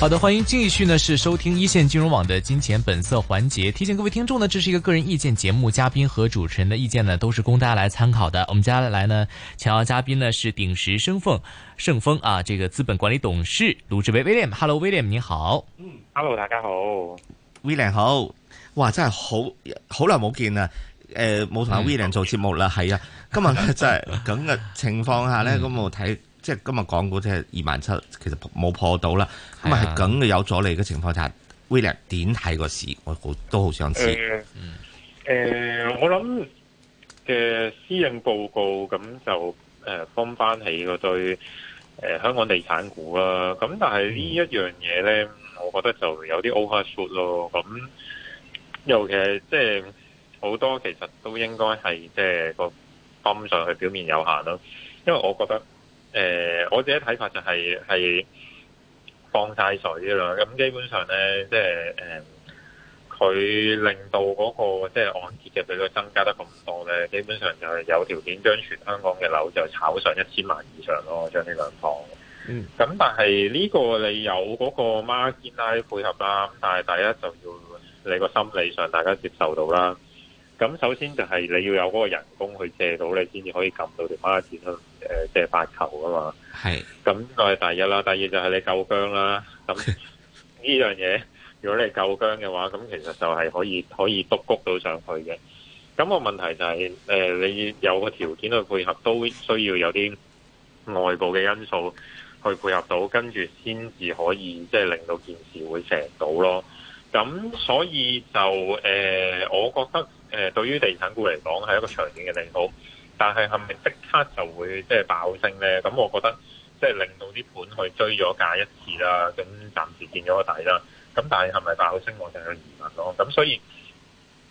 好的，歡迎繼續呢，是收聽一線金融網的金錢本色環節。提醒各位聽眾呢，這是一個個人意見節目，嘉賓和主持人的意見呢，都是供大家來參考的。我們接下來呢，請到嘉賓呢是鼎石生鳳盛峰啊，這個資本管理董事盧志威 William。Hello William，你好。Hello 大家好。William 好，哇真係好好耐冇見啊，誒冇同阿 William 做節目啦，係啊，今日呢，真係咁嘅情況下呢，咁我睇。即係今日港股即係二萬七，其實冇破到啦。咁啊係梗嘅有阻力嘅情況下，William 點睇個市？我好都好想知。誒、呃呃，我諗嘅私隱報告咁就誒，放翻起嗰對香港地產股啦。咁、嗯、但係呢一樣嘢咧，我覺得就有啲 over 咯。咁、嗯、尤其係即係好多其實都應該係即係個金上去表面有限咯，因為我覺得。誒、呃，我自己睇法就係、是、係放晒水㗎啦。咁基本上呢，即係佢、呃、令到嗰、那個即係按揭嘅比率增加得咁多呢，基本上就係有條件將全香港嘅樓就炒上一千萬以上咯。將呢兩房，嗯，咁但係呢個你有嗰個 margin 配合啦，但係第一就要你個心理上大家接受到啦。咁首先就係你要有嗰個人工去借到你，你先至可以撳到條孖仔去誒借八球啊嘛。係是。咁就係第一啦。第二就係你夠姜啦。咁呢 樣嘢，如果你夠姜嘅話，咁其實就係可以可以篤谷到上去嘅。咁、那個問題就係、是、誒、呃，你有個條件去配合，都需要有啲外部嘅因素去配合到，跟住先至可以即係、就是、令到件事會成到咯。咁所以就誒、呃，我覺得。誒對、呃、於地產股嚟講係一個長遠嘅利好，但係係咪即刻就會即係爆升咧？咁我覺得即係令到啲盤去追咗價一次啦，咁暫時見咗個底啦。咁但係係咪爆升，我就有疑問咯。咁所以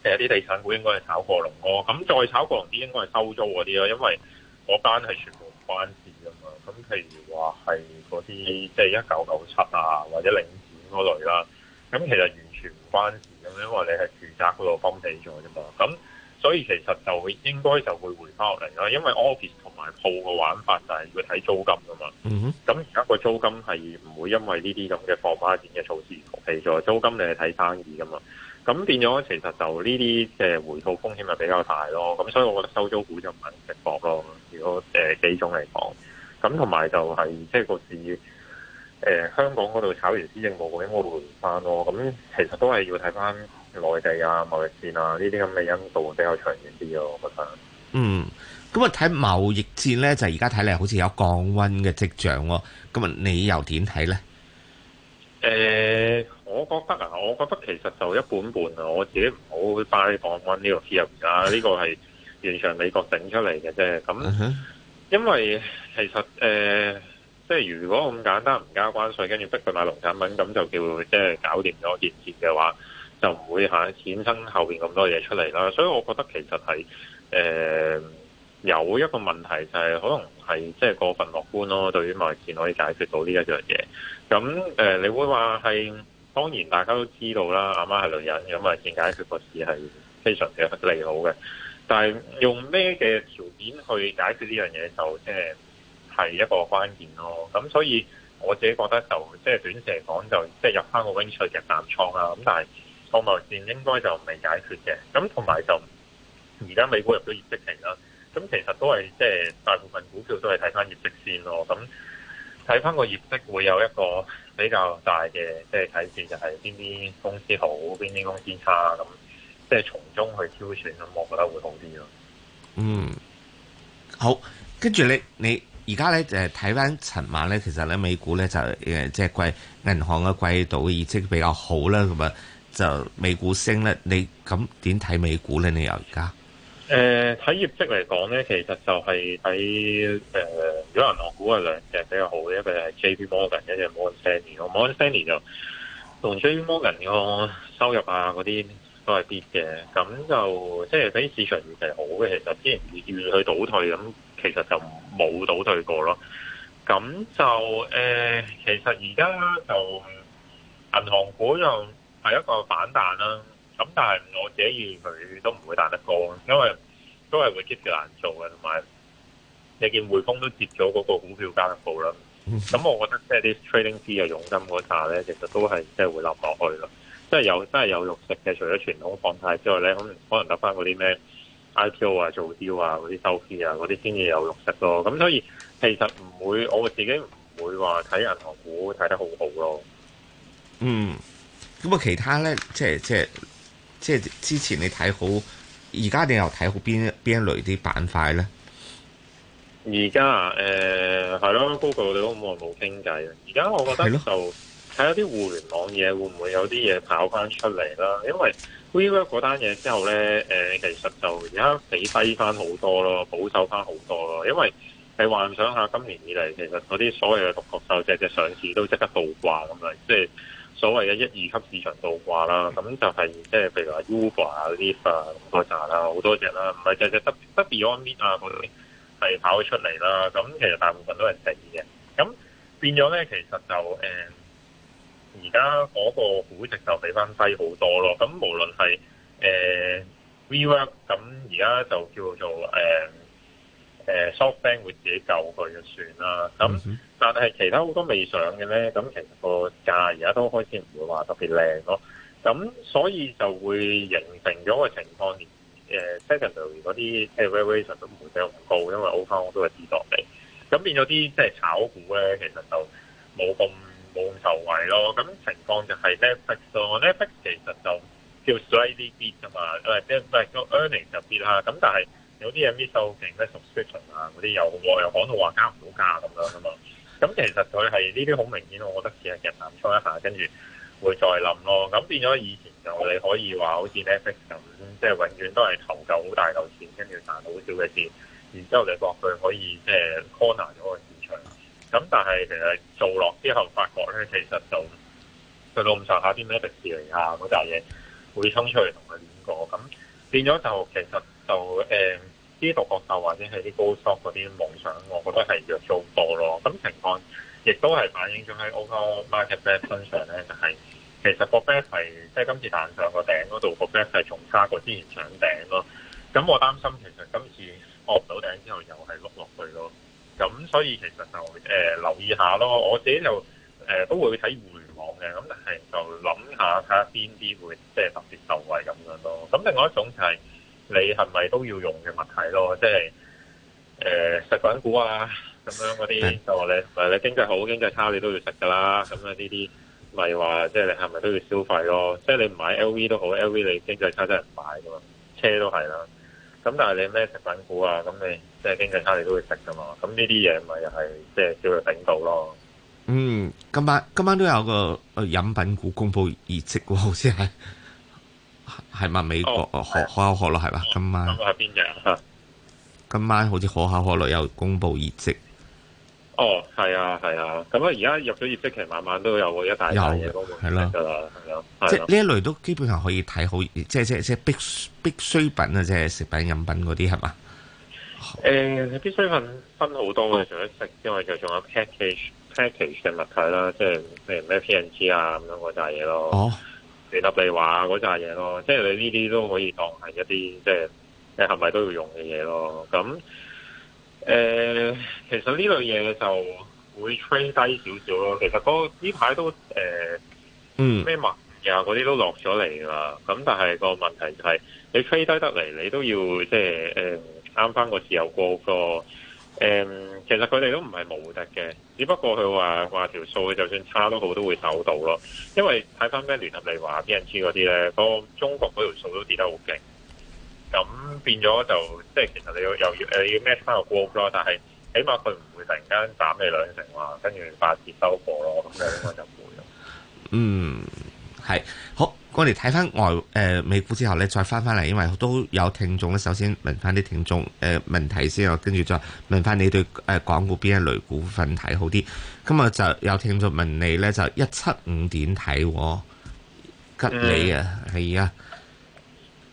誒啲地產股應該係炒過龍哥，咁再炒過龍啲應該係收租嗰啲啦，因為嗰班係全部關事㗎嘛。咁譬如話係嗰啲即係一九九七啊，或者領展嗰類啦、啊。咁其實，關事咁，因為你係住宅嗰度封底咗啫嘛，咁所以其實就會應該就會回翻落嚟咯。因為 office 同埋鋪嘅玩法就係要睇租金噶嘛。嗯哼。咁而家個租金係唔會因為呢啲咁嘅放馬片嘅措施而停咗租金，你係睇生意噶嘛。咁變咗其實就呢啲嘅回吐風險就比較大咯。咁所以我覺得收租股就唔係唔直博咯。如果誒、呃、幾種嚟講，咁同埋就係即係個市。誒、呃、香港嗰度炒完施政報告，應該會回翻咯。咁、嗯、其實都係要睇翻內地啊、貿易戰啊呢啲咁嘅因素比較長遠啲咯，我覺得。嗯，咁啊睇貿易戰咧，就而家睇嚟好似有降溫嘅跡象喎、哦。咁、嗯、啊，你又點睇咧？誒、呃，我覺得啊，我覺得其實就一半半啊。我自己唔好去買降溫呢個切入㗎，呢個係完全美國整出嚟嘅啫。咁、嗯，uh huh. 因為其實誒。呃即係如果咁簡單唔加關稅，跟住逼佢買農產品，咁就叫即係搞掂咗件事嘅話，就唔會行衍生後邊咁多嘢出嚟啦。所以我覺得其實係誒、呃、有一個問題就係、是、可能係即係過分樂觀咯。對於貿易戰可以解決到呢一樣嘢，咁誒、呃，你會話係當然大家都知道啦，阿媽係女人，咁貿易戰解決個事係非常之利好嘅。但係用咩嘅條件去解決呢樣嘢，就即係。係一個關鍵咯，咁所以我自己覺得就即係短期嚟講就即係入翻個溫水入淡倉啦，咁但係抗物綫應該就未解決嘅，咁同埋就而家美股入咗業績期啦，咁其實都係即係大部分股票都係睇翻業績先咯，咁睇翻個業績會有一個比較大嘅即係睇見就係邊啲公司好，邊啲公司差咁，即係從中去挑選咁，我覺得會好啲咯。嗯，好，跟住你你。你而家咧就係睇翻尋晚咧，其實咧美股咧就誒即係季銀行嘅季度嘅業績比較好啦，咁啊就美股升咧，你咁點睇美股咧？你又而家誒睇業績嚟講咧，其實就係睇誒有銀行股啊，就係比較好嘅一個係 J P Morgan，一隻、嗯、Morgan Stanley 嘅 Morgan Stanley 就同 J P Morgan 嘅收入啊嗰啲都係啲嘅，咁就即係比市場預期好嘅，其實之前預期去倒退咁。其實就冇倒退過咯，咁就誒、呃，其實而家就銀行股又係一個反彈啦、啊。咁但係我自己預計都唔會彈得高，因為都係會 keep 住難做嘅，同埋你見匯豐都接咗嗰個股票加間報啦。咁我覺得即係啲 trading fee 嘅佣金嗰下咧，其實都係即係會冧落去咯。即係有，即係有肉食嘅，除咗傳統放貸之外咧，可能可能得翻嗰啲咩？IPO 啊、做雕啊、嗰啲收費啊、嗰啲先至有肉食咯。咁所以其實唔會，我自己唔會話睇銀行股睇得好好咯。嗯，咁啊，其他咧，即係即係即係之前你睇好，而家你又睇好邊邊一類啲板塊咧？而家、呃、啊，誒係咯，Google 你都好耐冇傾偈。啊。而家我覺得啦就睇下啲互聯網嘢，會唔會有啲嘢跑翻出嚟啦？因為 WeWork 嗰單嘢之後咧，誒、呃、其實就而家幾低翻好多咯，保守翻好多咯，因為你幻想下今年以嚟，其實嗰啲所謂嘅獨角獸隻隻上市都即刻倒掛咁啊！即係所謂嘅一、二級市場倒掛啦。咁就係即係譬如話 Uber 啊、Lyft 啊咁多隻啦，好多隻啦，唔係隻隻得得 Beyond Meat 啊嗰啲係跑出嚟啦。咁其實大部分都係死嘅。咁變咗咧，其實就誒。呃而家嗰個估值就比返低好多咯，咁無論係誒 WeWork，咁而家就叫做誒誒 SoftBank 會自己救佢就算啦。咁但係其他好多未上嘅咧，咁其實個價而家都開始唔會話特別靚咯。咁所以就會形成咗個情況，誒 secondary 嗰啲 revaluation 都唔會比較高，因為歐方我都係知道嚟。咁變咗啲即係炒股咧，其實就冇咁。冇咁受惠咯，咁情況就係 Netflix 咯，Netflix 其實就叫 steadily beat 嘛，即係個 earning 就跌啦。咁但係有啲嘢 miss 掉，咩 subscription 啊嗰啲又又講到話加唔到價咁樣啊嘛。咁其實佢係呢啲好明顯，我覺得只係嘅彈出一下，跟住會再冧咯。咁變咗以前就你可以話好似 Netflix 咁，即係永遠都係投夠好大嚿錢，跟住賺好少嘅錢，然之後你落去可以即係 corner 咗嘅。咁但係其實做落之後，發覺咧其實就去到咁上下，啲咩迪士尼啊嗰扎嘢會衝出嚟同佢攣過，咁變咗就其實就誒啲獨角獸或者係啲高 stock 嗰啲夢想，我覺得係弱咗好多咯。咁情況亦都係反映咗喺 overall Market back 身上咧，就係其實個 back 係即係今次彈上個頂嗰度，個 back 係重差過之前上頂咯。咁我擔心其實今次破唔到頂之後，又係碌落去咯。咁所以其實就誒、呃、留意下咯，我自己就誒、呃、都會睇互聯網嘅，咁係就諗下睇下邊啲會即係特別受惠咁樣咯。咁另外一種就係、是、你係咪都要用嘅物體咯，即係誒、呃、食品股啊咁樣嗰啲，就話你唔係你經濟好經濟差你都要食噶啦。咁啊呢啲咪話即係你係咪都要消費咯？即係你唔買 LV 都好，LV 你經濟差真係唔買噶嘛，車都係啦。咁但係你咩食品股啊咁你？即係經濟差，你都會食噶嘛？咁呢啲嘢咪又係即係叫佢頂到咯。嗯，今晚今晚都有個飲、呃、品股公布業績喎，好似係咪美國可口可樂係嘛？今晚邊隻？Oh, 今晚好似可口可樂有公布業績。哦，係啊，係啊。咁啊，而家入咗業績期，晚晚都有個一大有係咯，噶啦，係即係呢一類都基本上可以睇好，即係即係即係必必需品啊，即、就、係、是就是、食品、飲品嗰啲，係嘛？誒、欸，必須分分好多嘅，除咗食之外，就仲有 package、oh. package 嘅物體啦，即係誒咩 PNG 啊咁樣嗰扎嘢咯，地、oh. 立你畫嗰扎嘢咯，即係你呢啲都可以當係一啲即係你係咪都要用嘅嘢咯？咁誒、欸，其實呢類嘢嘅就會 trade 低少少咯。其實嗰呢排都誒，嗯、欸，咩文呀嗰啲都落咗嚟啦。咁、mm. 但係個問題就係、是、你 trade 低得嚟，你都要即係誒。呃啱翻個時候過個誒，其實佢哋都唔係冇得嘅，只不過佢話話條數，佢就算差多好都會走到咯。因為睇翻咩聯合利華、BNC 嗰啲咧，個中國嗰條數都跌得好勁。咁變咗就即係其實你要又要你要 match 翻個 goal 咯。但係起碼佢唔會突然間斬你兩成話，跟住八折收貨咯。咁就應該就唔會咯。嗯，係好。過嚟睇翻外誒美股之後咧，再翻翻嚟，因為都有聽眾咧。首先問翻啲聽眾誒問題先，跟住再問翻你對誒港股邊一類股份睇好啲？咁啊就有聽眾問你咧，就一七五點睇吉利啊係啊？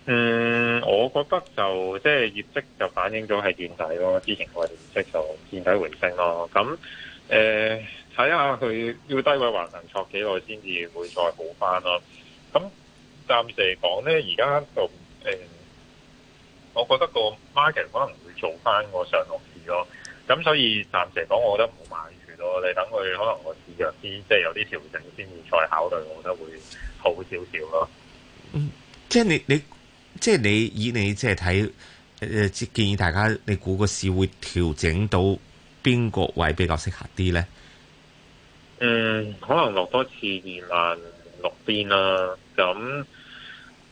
嗯，啊嗯，我覺得就即係、就是、業績就反映咗係見底咯。之前我哋業績就見底回升咯。咁誒睇下佢要低位還能挫幾耐先至會再補翻咯。咁暫時嚟講咧，而家就誒，我覺得個 market 可能會做翻個上落市咯。咁、嗯、所以暫時嚟講，我覺得唔好買住咯。你等佢可能個市弱啲，即係有啲調整先至再考慮，我覺得會好少少咯。嗯，即係你你即係你以你即係睇誒，建議大家你估個市會調整到邊個位比較適合啲咧？嗯，可能落多次二萬。落邊啦、啊，咁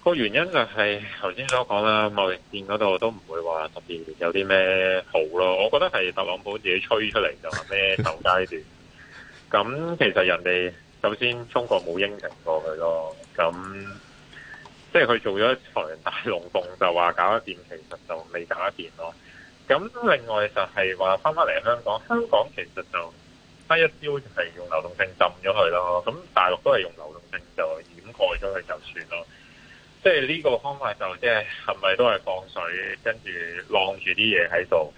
個原因就係頭先所講啦，貿易戰嗰度都唔會話特別有啲咩好咯。我覺得係特朗普自己吹出嚟就話咩頭階段，咁 其實人哋首先中國冇應承過佢咯，咁即係佢做咗一場大龍鳳就話搞一掂，其實就未搞一掂咯。咁另外就係話翻返嚟香港，香港其實就。第一招就係用流動性浸咗佢咯，咁大陸都係用流動性就掩蓋咗佢就算咯。即係呢個方法就即係係咪都係放水，跟住晾住啲嘢喺度，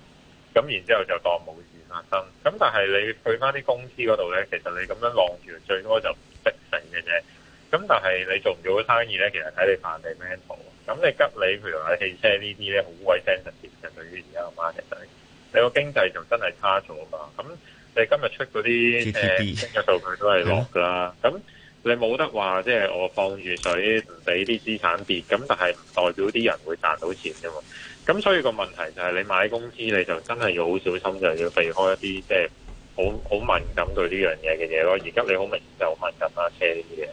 咁然之後就當冇事發生。咁但係你去翻啲公司嗰度咧，其實你咁樣晾住最多就逼成嘅啫。咁但係你做唔到生意咧，其實睇你範疇咩圖。咁你吉利譬如話汽車呢啲咧，好鬼 sensitive 嘅對於而家 market，其實你個經濟就真係差咗嘛？咁你今日出嗰啲誒新嘅數據都係落㗎啦，咁你冇得話，即係我放住水唔俾啲資產跌，咁但係唔代表啲人會賺到錢啫嘛。咁所以個問題就係你買公司，你就真係要好小心，就要避開一啲即係好好敏感對呢樣嘢嘅嘢咯。而家你好明顯就好敏感啦，車呢啲嘢。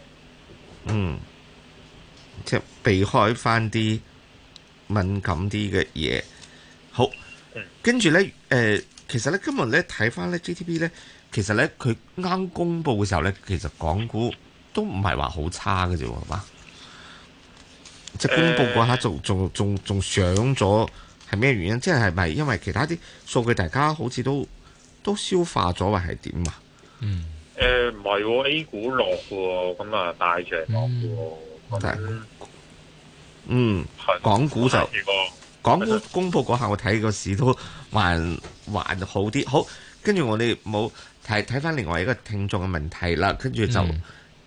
嗯，即係避開翻啲敏感啲嘅嘢。好，跟住咧，誒。其實咧，今日咧睇翻咧 GDP 咧，其實咧佢啱公布嘅時候咧，其實港股都唔係話好差嘅啫，係嘛？呃、即係公布嗰下，仲仲仲仲上咗，係咩原因？即係係咪因為其他啲數據大家好似都都消化咗，還係點啊？嗯，誒，唔係，A 股落嘅，咁啊，大隻落嘅，咁嗯，港股就。嗯的講到公布嗰下，我睇個市都還還好啲。好，跟住我哋冇睇睇翻另外一個聽眾嘅問題啦。跟住就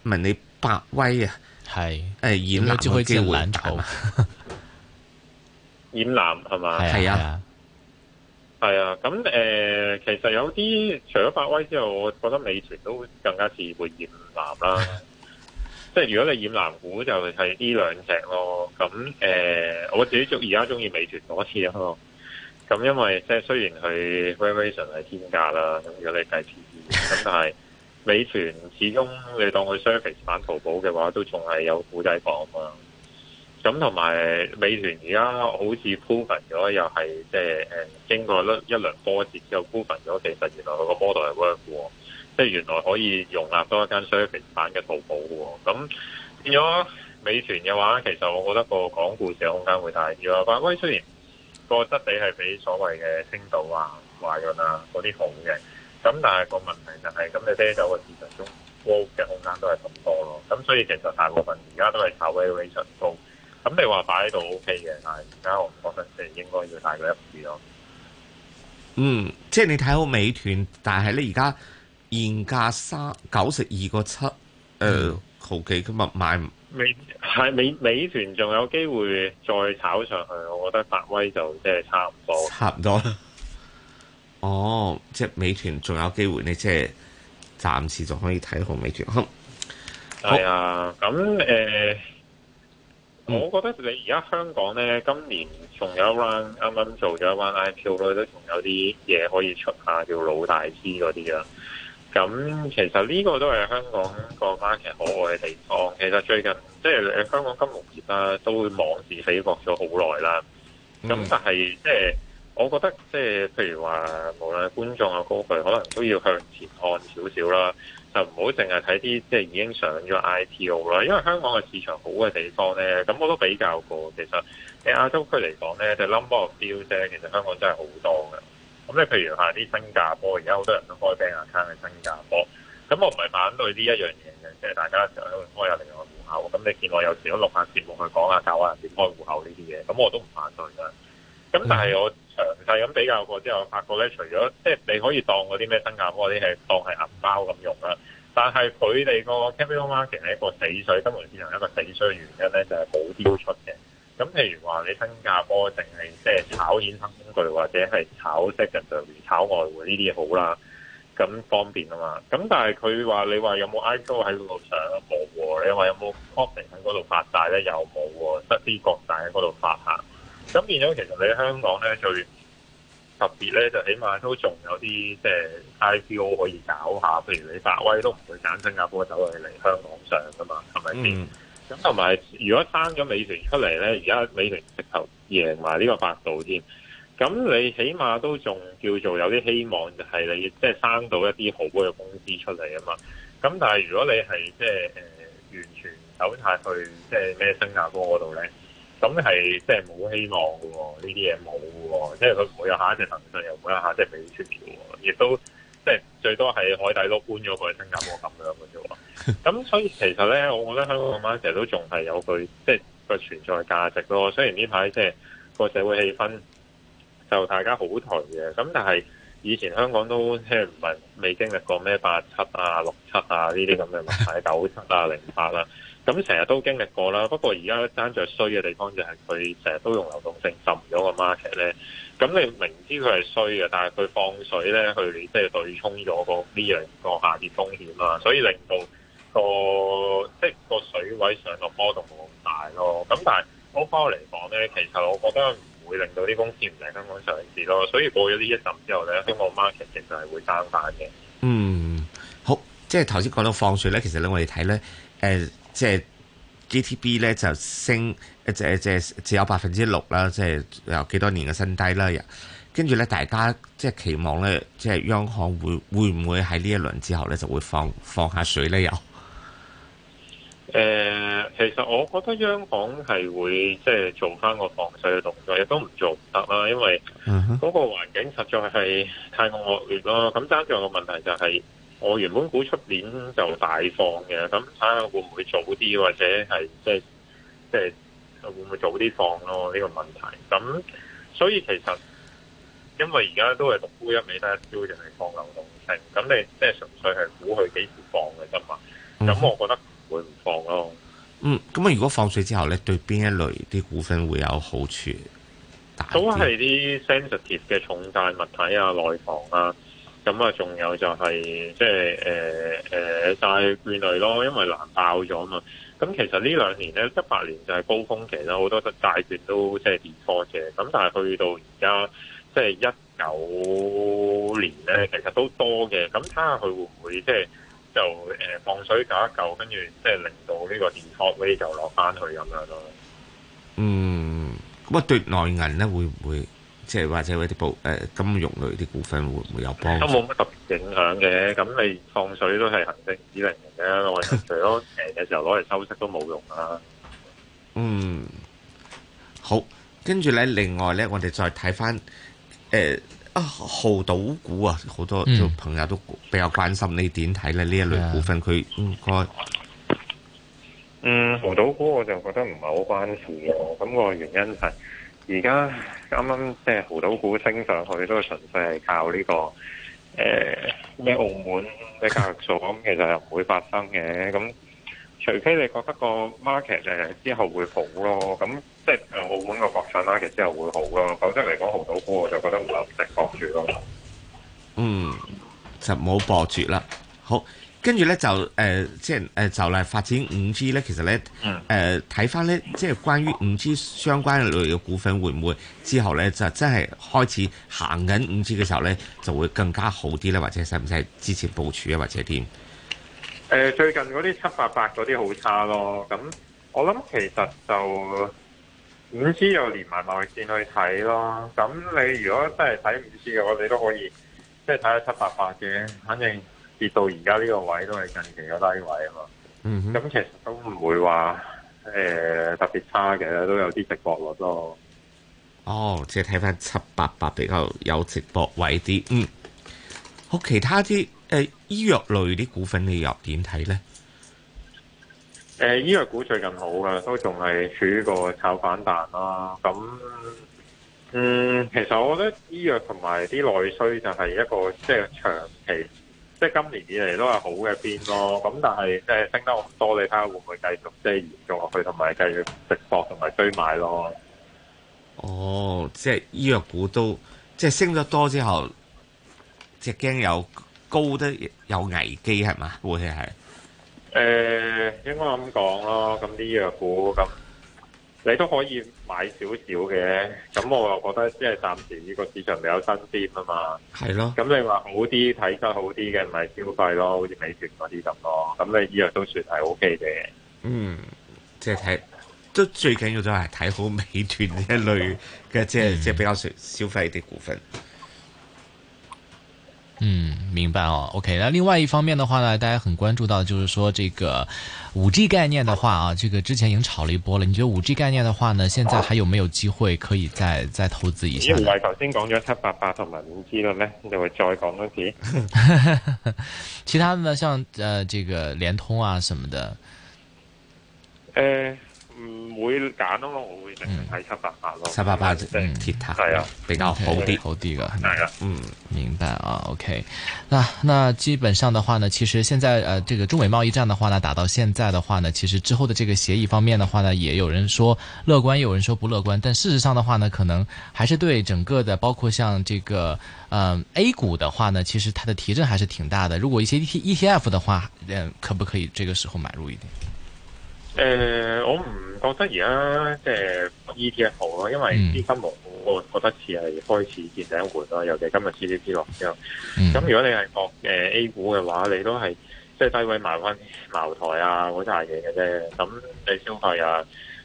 問你百威啊，係誒染藍嘅機會大啊？染藍係嘛？係啊，係啊。咁誒、啊呃，其實有啲除咗百威之後，我覺得美團都會更加自會染藍啦。 即係如果你染藍股就係呢兩隻咯，咁誒、呃、我自己做而家中意美團嗰次咯，咁因為即係雖然佢 valuation 係天價啦，咁如果你計 PE 咁，但係美團始終你當佢 service 版淘寶嘅話，都仲係有故仔講啊嘛。咁同埋美團而家好似 proven 咗，又係即係誒經過一一輪波折之後 proven 咗，其實原來佢個 model 係 work 嘅。即係原來可以容納多一間超級版嘅淘寶嘅，咁變咗美團嘅話，其實我覺得個講故事嘅空間會大啲咯。但係雖然個質地係比所謂嘅青島啊、華潤啊嗰啲好嘅，咁但係個問題就係、是、咁你啤酒嘅市場中波嘅空間都係咁多咯。咁所以其實大部分而家都係炒 valuation 高咁你話擺喺度 OK 嘅，但係而家我唔覺得佢應該要大過一倍咯。嗯，即係你睇好美團，但係你而家。現價三九十二個七，誒，毫幾咁啊，賣？美係美美團仲有機會再炒上去，我覺得百威就即係差唔多。差唔多啦。哦，即係美團仲有機會咧，你即係暫時就可以睇到美團。好係啊，咁誒好、呃，我覺得你而家香港呢，嗯、今年仲有一 run，啱啱做咗一 round IPO 都仲有啲嘢，可以出下，叫老大師嗰啲啦。咁其實呢個都係香港個 market 可愛嘅地方。其實最近即係香港金融業啦，都會妄自菲薄咗好耐啦。咁、嗯、但係即係我覺得即係譬如話，無論觀眾啊、高佢，可能都要向前看少少啦，就唔好淨係睇啲即係已經上咗 IPO 啦。因為香港嘅市場好嘅地方咧，咁我都比較過。其實喺亞洲區嚟講咧，就 number of deals 咧，其實香港真係好多嘅。咁你譬如係啲新加坡，而家好多人都開 Bank Account 喺新加坡。咁我唔係反對呢一樣嘢嘅，即係大家想開下另外戶口。咁你見我有時都錄下節目去講啊、教人點開戶口呢啲嘢，咁我都唔反對啦。咁但係我詳細咁比較過之後，發覺咧，除咗即係你可以當嗰啲咩新加坡嗰啲係當係銀包咁用啦，但係佢哋個 Capital Market 係一個死水金融市場，一個死水原因咧就係冇飆出嘅。咁譬如話你新加坡定係即係炒衍生工具或者係炒即日就盤、炒外匯呢啲好啦，咁方便啊嘛。咁但係佢話你話有冇 IPO 喺嗰度上？冇喎。你話有冇 copy 喺嗰度發債咧？又冇喎。得啲國債喺嗰度發下。咁變咗其實你香港咧最特別咧，就起碼都仲有啲即係 IPO 可以搞下。譬如你百威都唔會揀新加坡走嚟嚟香港上噶嘛，係咪先？咁同埋，如果生咗美團出嚟咧，而家美團直頭贏埋呢個百度添。咁你起碼都仲叫做有啲希望，就係你即係生到一啲好高嘅公司出嚟啊嘛。咁但係如果你係即係誒完全走曬去即係咩新加坡嗰度咧，咁係即係冇希望嘅喎、哦。呢啲嘢冇嘅喎，因為佢唔會有下一隻騰訊，又冇一隻美團嘅喎。亦都即係最多係海底撈搬咗過去新加坡咁樣嘅啫喎。咁、嗯、所以其實咧，我覺得香港個 market 都仲係有佢即係個存在價值咯。雖然呢排即係個社會氣氛就大家好頹嘅，咁、嗯、但係以前香港都即係唔係未經歷過咩八七啊、六七啊呢啲咁嘅問題，九七啊、零八啊咁成日都經歷過啦。不過而家爭着衰嘅地方就係佢成日都用流動性浸咗個 market 咧。咁、嗯、你明知佢係衰嘅，但係佢放水咧去即係對沖咗個呢樣個下跌風險啊，所以令到。個即係個水位上落波動冇咁大咯，咁但係 overall 嚟講咧，其實我覺得唔會令到啲公司唔使香港上市咯。所以過咗呢一陣之後咧，希望 market 仍然係會生蛋嘅。嗯，好，即係頭先講到放水咧，其實咧我哋睇咧，誒、呃，即係 G T B 咧就升，即係即係只有百分之六啦，即係有，有幾多年嘅新低啦。跟住咧，大家即係期望咧，即係央行會會唔會喺呢一輪之後咧就會放放下水咧又？誒、呃，其實我覺得央行係會即係做翻個放水嘅動作，亦都唔做唔得啦，因為嗰個環境實在係太惡劣咯。咁加上個問題就係、是，我原本估出年就大放嘅，咁睇下會唔會早啲，或者係即係即係會唔會早啲放咯？呢、這個問題。咁所以其實因為而家都係獨孤一味啦，得一招，淨係放流動性，咁你即係純粹係估佢幾時放嘅啫嘛。咁我覺得。會唔放咯？嗯，咁啊，如果放水之後咧，對邊一類啲股份會有好處？都係啲 sensitive 嘅重債物體啊，內房啊，咁、嗯、啊，仲有就係、是、即係誒誒債券類咯，因為難爆咗嘛。咁、嗯、其實兩呢兩年咧，一八年就係高峰期啦，好多債券都即係跌多嘅。咁、嗯、但係去到而家即係一九年咧，其實都多嘅。咁睇下佢會唔會即係？就誒放水解救，跟住即係令到呢個電 hot way 就落翻去咁樣咯。嗯，咁啊，對內銀咧會唔會即係或者有啲保誒金融類啲股份會唔會有幫？都冇乜特別影響嘅。咁你放水都係行政指令嚟嘅，我除咗平嘅時候攞嚟收息都冇用啦。嗯，好。跟住咧，另外咧，我哋再睇翻誒。啊，濠賭股啊，好多朋友都比較關心你，你點睇咧？呢一類股份佢個，應該嗯，濠賭股我就覺得唔係好關事咁，啊那個原因係而家啱啱即係濠賭股升上去都係純粹係靠呢，呢個誒咩，呃，澳門嘅交易數，咁 其實又唔會發生嘅，咁除非你覺得個 market 誒之後會好咯，咁，即係澳門個股份啦，其實之後會好咯，否則嚟講紅到波，我就覺得冇得博住咯。嗯，就冇博住啦。好，跟住咧就誒、呃，即係誒、呃，就嚟發展五 G 咧。其實咧，誒睇翻咧，即係關於五 G 相關類嘅股份會會，會唔會之後咧就真係開始行緊五 G 嘅時候咧，就會更加好啲咧，或者使唔使之前部署？啊，或者點？誒、呃，最近嗰啲七八八嗰啲好差咯。咁我諗其實就～點知又連埋內線去睇咯？咁你如果真係睇唔知嘅，我哋都可以即係睇下七八八嘅，反正跌到而家呢個位都係近期嘅低位啊嘛。嗯，咁哼其實都唔會話誒、呃、特別差嘅，都有啲直播落都。哦，即係睇翻七八八比較有直播位啲。嗯，好，其他啲誒、呃、醫藥類啲股份你又點睇咧？誒，醫藥股最近好㗎，都仲係處於個炒反彈啦。咁，嗯，其實我覺得醫藥同埋啲內需就係一個即係長期，即係今年以嚟都係好嘅邊咯。咁但係，即係升得咁多，你睇下會唔會繼續即係延續落去，同埋繼續直播同埋追買咯。哦，即係醫藥股都，即係升得多之後，只驚有高得有危機係嘛？會係。誒、呃，應該咁講咯，咁醫藥股咁，你都可以買少少嘅。咁我又覺得，即係暫時呢個市場比較新鮮啊嘛。係咯。咁你話好啲，睇得好啲嘅，咪消費咯，好似美團嗰啲咁咯。咁你醫藥都算係 O K 嘅。嗯，即係睇，都最緊要都係睇好美團呢一類嘅，即係即係比較食消費啲股份。嗯嗯嗯，明白哦。OK，那另外一方面的話呢，大家很關注到就是說這個五 G 概念的話啊，啊這個之前已經炒了一波了。你覺得五 G 概念的話呢，現在還有沒有機會可以再、啊、再，再投資一下？唔係，頭先講咗七八八同埋五 G 咯咩？你會再講多次。 其他的呢，像呃這個聯通啊什麼的，誒、呃。會揀咯，我會明睇七八八咯，七八八鐵比較好啲，好啲嘅嗯，明白啊，OK，那那基本上的話呢，其實現在誒、呃、這個中美貿易戰的話呢，打到現在的話呢，其實之後的這個協議方面的話呢，也有人說樂觀，也有人說不樂觀，但事實上的話呢，可能還是對整個的包括像這個嗯、呃、A 股的話呢，其實它的提振還是挺大的。如果一些 ET ETF 的話，可不可以這個時候買入一點？誒、呃，我唔覺得而家即係 E.T.F 好咯，因為啲金融我覺得似係開始見頂盤咯。尤其今日 C.D.P. 落之後，咁、嗯、如果你係博誒 A 股嘅話，你都係即係低位買翻茅台啊嗰啲嘢嘅啫。咁你消費啊，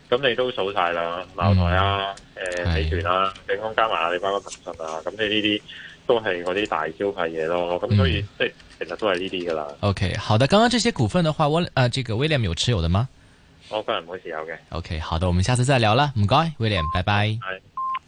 咁你都數晒啦，茅台啊，誒美團啦，整方加埋阿里巴巴，你嗰個騰訊啊，咁你呢啲都係嗰啲大消費嘢咯。咁所以即誒，成日都係呢啲噶啦。嗯、O.K. 好的，剛剛這些股份的話，我啊、呃，這個 William 有持有的嗎？我個人冇持有嘅。OK，好的，我們下次再聊啦。唔該，William，拜拜。